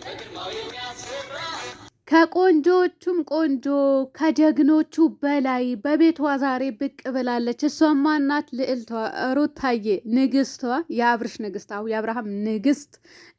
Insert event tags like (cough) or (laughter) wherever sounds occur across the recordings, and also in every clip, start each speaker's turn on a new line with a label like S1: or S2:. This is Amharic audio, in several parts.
S1: ጀግናዎች ከቆንጆቹም ቆንጆ ከጀግኖቹ በላይ በቤቷ ዛሬ ብቅ ብላለች። እሷማ እናት ልዕልቷ ሩታዬ ንግስቷ፣ የአብርሽ ንግስት፣ አሁ የአብርሃም ንግስት፣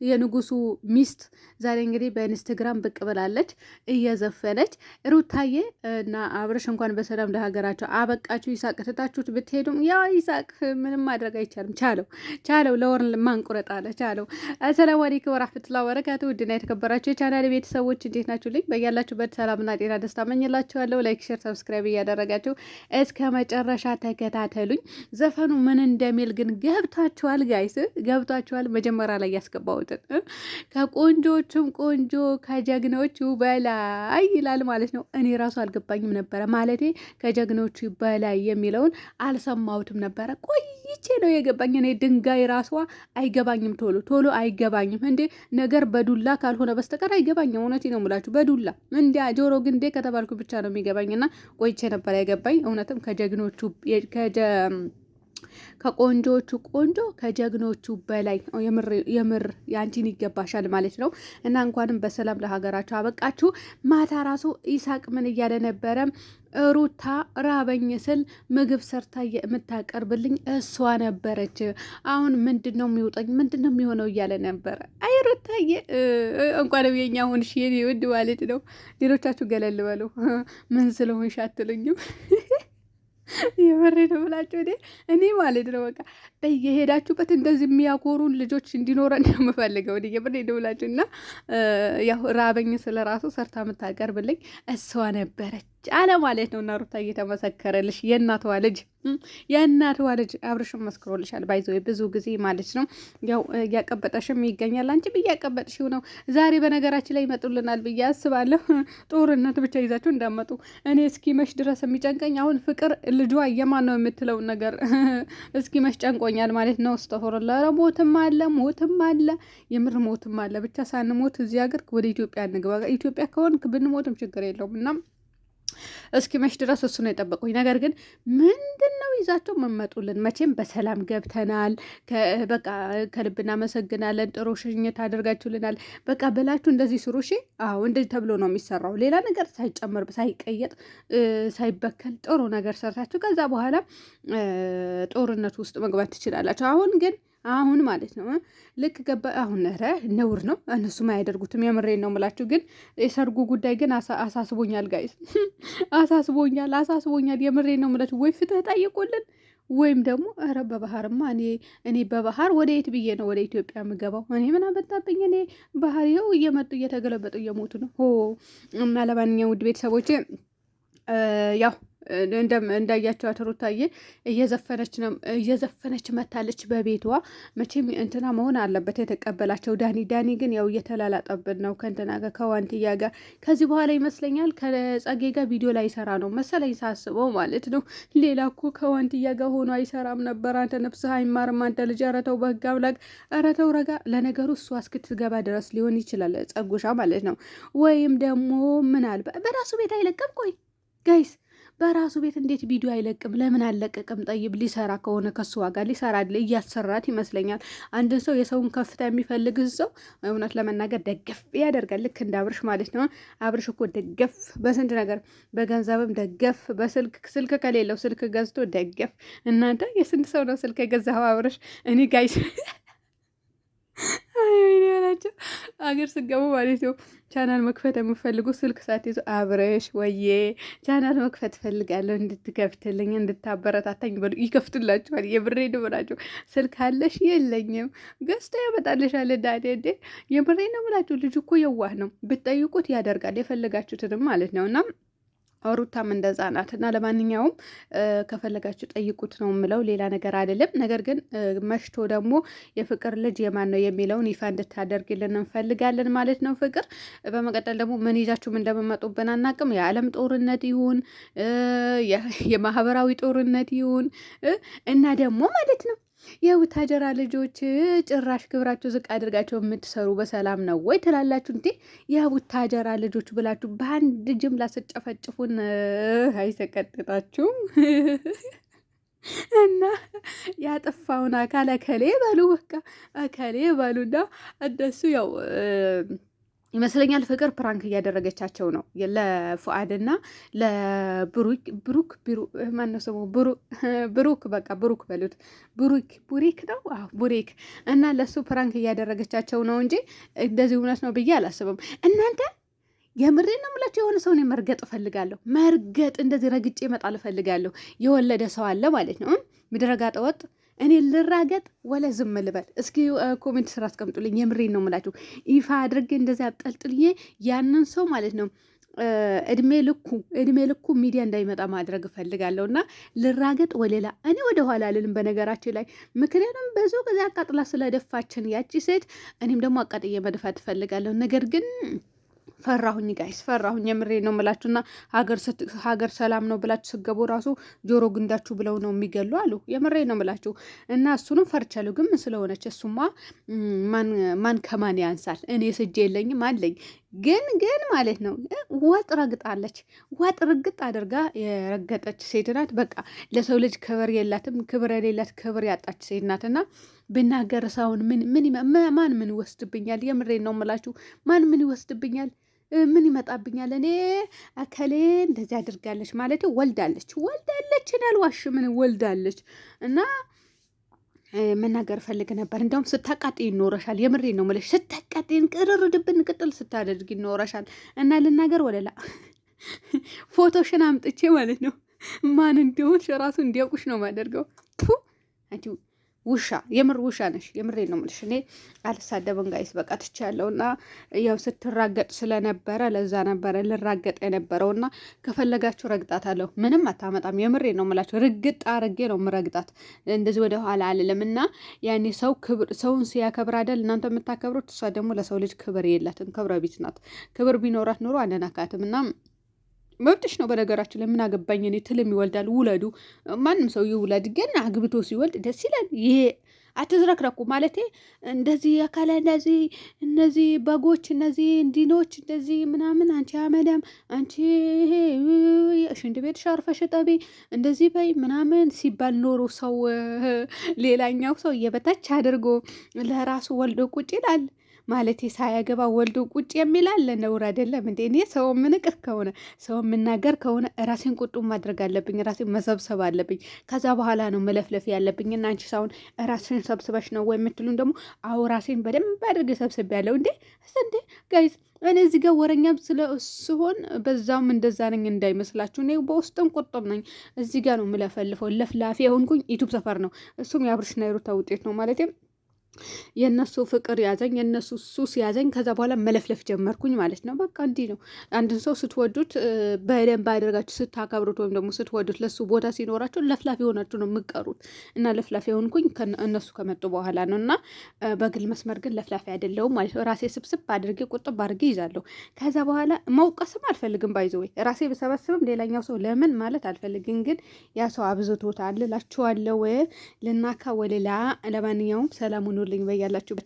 S1: የንጉሱ ሚስት ዛሬ እንግዲህ በኢንስትግራም ብቅ ብላለች እየዘፈነች። ሩታዬ እና አብርሽ እንኳን በሰላም ለሀገራቸው አበቃችሁ። ይሳቅ ትታችሁት ብትሄዱም ያ ይሳቅ ምንም ማድረግ አይቻልም። ቻለው ቻለው፣ ለወር ማንቁረጥ አለ ቻለው። አሰላሙ አለይኩም ወራህመቱላሂ ወበረካቱ። ውድና የተከበራችሁ የቻናል ቤተሰቦች እንዴት ናችሁ? አድርሱልኝ። በያላችሁበት ሰላምና ጤና ደስታ መኝላችኋለሁ። ላይክ፣ ሼር፣ ሰብስክራይብ እያደረጋችሁ እስከ መጨረሻ ተከታተሉኝ። ዘፈኑ ምን እንደሚል ግን ገብታችኋል? ጋይስ ገብታችኋል? መጀመሪያ ላይ ያስገባሁትን ከቆንጆዎቹም ቆንጆ ከጀግኖቹ በላይ ይላል ማለት ነው። እኔ ራሱ አልገባኝም ነበረ ማለቴ ከጀግኖቹ በላይ የሚለውን አልሰማሁትም ነበረ። ይቼ ነው የገባኝ። እኔ ድንጋይ ራሷ አይገባኝም ቶሎ ቶሎ አይገባኝም እንዴ ነገር በዱላ ካልሆነ በስተቀር አይገባኝም። እውነቴን ነው የምላችሁ ከዱላ እንዲያ ጆሮ ግንዴ ከተባልኩ ብቻ ነው የሚገባኝ። ቆይቼ ነበር የገባኝ እውነትም ከጀግኖቹ ከቆንጆቹ ቆንጆ ከጀግኖቹ በላይ የምር ያንቺን ይገባሻል ማለት ነው። እና እንኳንም በሰላም ለሀገራችሁ አበቃችሁ። ማታ ራሱ ኢሳቅ ምን እያለ ነበረ? ሩታ ራበኝ ስል ምግብ ሰርታ የምታቀርብልኝ እሷ ነበረች። አሁን ምንድን ነው የሚውጠኝ? ምንድን ነው የሚሆነው? እያለ ነበረ። አይ ሩታዬ፣ እንኳንም የኛ ሆንሽ የኔ ውድ ማለት ነው። ሌሎቻችሁ ገለል በሉ። ምን ስለሆንሽ አትሉኝም? የበሬን ብላቸው እኔ እኔ ማለት ነው በቃ በየሄዳችሁበት እንደዚህ የሚያኮሩን ልጆች እንዲኖረን ነው የምፈልገው። እኔ የበሬን ብላቸው እና ያው ራበኝ ስለ ራሱ ሰርታ የምታቀርብልኝ እሷ ነበረች። አለ ማለት ነው። እና ሩታ እየተመሰከረልሽ የእናትዋ ልጅ የእናትዋ ልጅ አብርሽም መስክሮልሻል። ባይዘ ብዙ ጊዜ ማለት ነው ያው እያቀበጠሽም ይገኛል። አንቺ እያቀበጥሽው ነው። ዛሬ በነገራችን ላይ ይመጡልናል ብዬ አስባለሁ። (laughs) ጦርነት ብቻ ይዛችሁ እንዳመጡ እኔ እስኪ መሽ ድረስ የሚጨንቀኝ አሁን ፍቅር ልጇ የማን ነው የምትለው ነገር (laughs) እስኪ መሽ ጨንቆኛል ማለት ነው። ስተሆርላ ሞትም አለ ሞትም አለ የምር ሞትም አለ። ብቻ ሳንሞት እዚህ ሀገር ወደ ኢትዮጵያ እንግባ። ኢትዮጵያ ከሆንክ ብንሞትም ችግር የለውም እና እስኪ መሽ ድረስ እሱ ነው የጠበቁኝ። ነገር ግን ምንድን ነው ይዛቸው መመጡልን? መቼም በሰላም ገብተናል፣ በቃ ከልብ እናመሰግናለን፣ ጥሩ ሽኝት አድርጋችሁልናል፣ በቃ በላችሁ እንደዚህ ስሩ። እሺ፣ አዎ እንደዚህ ተብሎ ነው የሚሰራው። ሌላ ነገር ሳይጨመር ሳይቀየጥ፣ ሳይበከል ጥሩ ነገር ሰርታችሁ ከዛ በኋላ ጦርነት ውስጥ መግባት ትችላላችሁ። አሁን ግን አሁን ማለት ነው ልክ ገባ አሁን ኧረ ነውር ነው እነሱም አያደርጉትም። የምሬን ነው የምላችሁ። ግን የሰርጉ ጉዳይ ግን አሳስቦኛል፣ ጋይስ (laughs) አሳስቦኛል፣ አሳስቦኛል። የምሬን ነው የምላችሁ። ወይ ፍትህ ጠይቁልን ወይም ደግሞ ኧረ በባህርማ እኔ እኔ በባህር ወደ የት ብዬ ነው ወደ ኢትዮጵያ የምገባው? እኔ ምን አመጣብኝ? እኔ ባህር ይኸው እየመጡ እየተገለበጡ እየሞቱ ነው። ሆ እና ለማንኛውም ውድ ቤተሰቦቼ ያው እንዳያቸው ሩታዬ እየዘፈነች ነው እየዘፈነች መታለች በቤቷ። መቼም እንትና መሆን አለበት የተቀበላቸው ዳኒ። ዳኒ ግን ያው እየተላላጠብን ነው ከእንትና ጋር ከዋንትያ ጋር። ከዚህ በኋላ ይመስለኛል ከጸጌ ጋር ቪዲዮ ላይ ይሰራ ነው መሰለኝ ሳስበው ማለት ነው። ሌላ እኮ ከዋንትያ ጋር ሆኖ አይሰራም ነበር። አንተ ነፍስህ አይማርም አንተ ልጅ። ኧረ ተው በህግ አምላክ፣ ኧረ ተው ረጋ። ለነገሩ እሷ እስክትገባ ድረስ ሊሆን ይችላል ጸጉሻ ማለት ነው። ወይም ደግሞ ምናልባት በራሱ ቤት አይለቀም። ቆይ ጋይስ በራሱ ቤት እንዴት ቪዲዮ አይለቅም? ለምን አለቀቅም? ጠይብ ሊሰራ ከሆነ ከሱ ዋጋ ሊሰራ እያሰራት ይመስለኛል። አንድን ሰው የሰውን ከፍታ የሚፈልግ ሰው እውነት ለመናገር ደገፍ ያደርጋል። ልክ እንደ አብርሽ ማለት ነው። አብርሽ እኮ ደገፍ በስንት ነገር በገንዘብም ደገፍ፣ በስልክ ስልክ ከሌለው ስልክ ገዝቶ ደገፍ። እናንተ የስንት ሰው ነው ስልክ የገዛው አብርሽ? እኔ ጋይስ ናቸው (laughs) አገር ስገቡ ማለት ነው። ቻናል መክፈት የምፈልጉ ስልክ ሳትይዙ አብረሽ ወዬ ቻናል መክፈት ፈልጋለሁ እንድትከፍትልኝ እንድታበረታታኝ በሉ ይከፍቱላችኋል። የብሬ ነው ብላችሁ ስልክ አለሽ የለኝም ገዝቶ ያመጣልሻል። ዳዴ እንዴ የብሬ ነው ብላችሁ ልጅ እኮ የዋህ ነው ብትጠይቁት ያደርጋል። የፈለጋችሁትንም ማለት ነው እና ሩታም እንደዛ ናት። እና ለማንኛውም ከፈለጋችሁ ጠይቁት ነው የምለው፣ ሌላ ነገር አይደለም። ነገር ግን መሽቶ ደግሞ የፍቅር ልጅ የማን ነው የሚለውን ይፋ እንድታደርግልን እንፈልጋለን ማለት ነው። ፍቅር በመቀጠል ደግሞ ምን ይዛችሁም እንደምመጡብን አናቅም። የዓለም ጦርነት ይሁን የማህበራዊ ጦርነት ይሁን እና ደግሞ ማለት ነው የውታጀራ ልጆች ጭራሽ ግብራቸው ዝቅ አድርጋቸው የምትሰሩ በሰላም ነው ወይ ትላላችሁ እንዴ? የውታጀራ ልጆች ብላችሁ በአንድ ጅምላ ስጨፈጭፉን አይተቀጥጣችሁም? እና ያጠፋውን አካል እከሌ በሉ በቃ እከሌ እና እነሱ ያው ይመስለኛል ፍቅር ፕራንክ እያደረገቻቸው ነው። ለፉአድና ለብሩክ ብሩክ ማነው ስሙ? (laughs) ብሩክ በቃ ብሩክ በሉት። ብሩክ ቡሪክ ነው። ቡሪክ እና ለሱ ፕራንክ እያደረገቻቸው ነው እንጂ እንደዚህ እውነት ነው ብዬ አላስብም። እናንተ የምሬ ነው የምላቸው። የሆነ ሰውን መርገጥ እፈልጋለሁ። መርገጥ እንደዚህ ረግጬ እመጣል እፈልጋለሁ። የወለደ ሰው አለ ማለት ነው። ምድረጋጠወጥ እኔ ልራገጥ ወለ ዝም ልበል? እስኪ ኮሜንት ስራ አስቀምጡልኝ። የምሬን ነው ምላችሁ። ይፋ አድርጌ እንደዚያ አብጠልጥልዬ ያንን ሰው ማለት ነው እድሜ ልኩ እድሜ ልኩ ሚዲያ እንዳይመጣ ማድረግ እፈልጋለሁ። እና ልራገጥ ወሌላ እኔ ወደ ኋላ ልልም በነገራችን ላይ ምክንያቱም ብዙ ጊዜ አቃጥላ ስለደፋችን ያቺ ሴት እኔም ደግሞ አቃጥዬ መድፋት እፈልጋለሁ። ነገር ግን ፈራሁኝ ጋይስ ፈራሁኝ። የምሬ ነው የምላችሁና ሀገር ሰላም ነው ብላችሁ ስገቡ ራሱ ጆሮ ግንዳችሁ ብለው ነው የሚገሉ አሉ። የምሬ ነው ምላችሁ እና እሱንም ፈርቻለሁ። ግን ምን ስለሆነች እሱማ ማን ከማን ያንሳል? እኔ ስጄ የለኝም አለኝ ግን ግን ማለት ነው ወጥ ረግጣለች። ወጥ ርግጥ አድርጋ የረገጠች ሴት ናት። በቃ ለሰው ልጅ ክብር የላትም። ክብር የሌላት ክብር ያጣች ሴት ናትና ብናገር ሳሁን ምን ምን ማን ምን ይወስድብኛል? የምሬን ነው የምላችሁ። ማን ምን ይወስድብኛል? ምን ይመጣብኛል? እኔ እከሌ እንደዚህ አድርጋለች ማለት ወልዳለች ወልዳለች አልዋሽ ምን ወልዳለች እና መናገር ፈልግ ነበር። እንደውም ስታቃጥ ይኖረሻል። የምሬ ነው የምልሽ። ስታቃጤን ቅርር ድብን ቅጥል ስታደርግ ይኖረሻል። እና ልናገር ወለላ (laughs) ፎቶሽን አምጥቼ ማለት ነው ማን እንደሆንሽ ራሱ እንዲያውቁሽ ነው የማደርገው። አንቺ ውሻ የምር ውሻ ነሽ። የምሬ ነው የምልሽ። እኔ አልሳደብን ጋይስ በቃ ትቻለሁ። እና ያው ስትራገጥ ስለነበረ ለዛ ነበረ ልራገጥ የነበረው እና ከፈለጋችሁ ረግጣታለሁ። ምንም አታመጣም። የምሬ ነው የምላችሁ። ርግጥ አርጌ ነው ምረግጣት። እንደዚህ ወደ ኋላ አልልም። እና ያኔ ሰው ክብር ሰውን ሲያከብር አይደል እናንተ የምታከብሩት። እሷ ደግሞ ለሰው ልጅ ክብር የላትም። ክብረ ቢት ናት። ክብር ቢኖራት ኑሮ አንነካትም እና መብትሽ ነው። በነገራችን ለምን አገባኝ እኔ ትልም ይወልዳል። ውለዱ፣ ማንም ሰው ይውለድ። ግን አግብቶ ሲወልድ ደስ ይላል። ይሄ አትዝረክረኩ ማለት እንደዚህ አካላ እንደዚህ እነዚህ በጎች እነዚህ እንዲኖች እንደዚህ ምናምን አንቺ አመዳም አንቺ ሽንት ቤት ሻርፈ ጠቢ እንደዚህ በይ ምናምን ሲባል ኖሮ ሰው ሌላኛው ሰው እየበታች አድርጎ ለራሱ ወልዶ ቁጭ ይላል። ማለት ሳያገባ ወልዶ ቁጭ የሚላለ ነውር አይደለም እንዴ? እኔ ሰው የምንቅር ከሆነ ሰው የምናገር ከሆነ ራሴን ቁጡ ማድረግ አለብኝ፣ ራሴን መሰብሰብ አለብኝ። ከዛ በኋላ ነው መለፍለፍ ያለብኝ። እና አንቺ ሳሁን ራስሽን ሰብስበሽ ነው ወይ የምትሉን ደግሞ አዎ ራሴን በደንብ አድርጌ ሰብስብ ያለው እንዴ እንዴ ጋይዝ እኔ እዚህ ጋር ወረኛም ስለ ሲሆን በዛውም እንደዛ ነኝ እንዳይመስላችሁ። እኔ በውስጥም ቁጥም ነኝ። እዚህ ጋር ነው የምለፈልፈው። ለፍላፊ የሆንኩኝ ዩቱብ ሰፈር ነው። እሱም የአብርሽና የሩታ ውጤት ነው ማለት የእነሱ ፍቅር ያዘኝ፣ የእነሱ ሱስ ያዘኝ። ከዛ በኋላ መለፍለፍ ጀመርኩኝ ማለት ነው። በቃ እንዲህ ነው። አንድን ሰው ስትወዱት በደንብ አደርጋችሁ ስታከብሩት፣ ወይም ደግሞ ስትወዱት ለሱ ቦታ ሲኖራቸው ለፍላፊ የሆናችሁ ነው የምቀሩት። እና ለፍላፊ የሆንኩኝ እነሱ ከመጡ በኋላ ነው። እና በግል መስመር ግን ለፍላፊ አይደለሁም ማለት ነው። ራሴ ስብስብ አድርጌ ቁጥብ አድርጌ ይዛለሁ። ከዛ በኋላ መውቀስም አልፈልግም። ባይዘ ወይ ራሴ ብሰበስብም ሌላኛው ሰው ለምን ማለት አልፈልግም። ግን ያ ሰው አብዝቶታል እላችኋለሁ። ልናካ ወሌላ ለማንኛውም ሰላሙን ሁኑልኝ በያላችሁ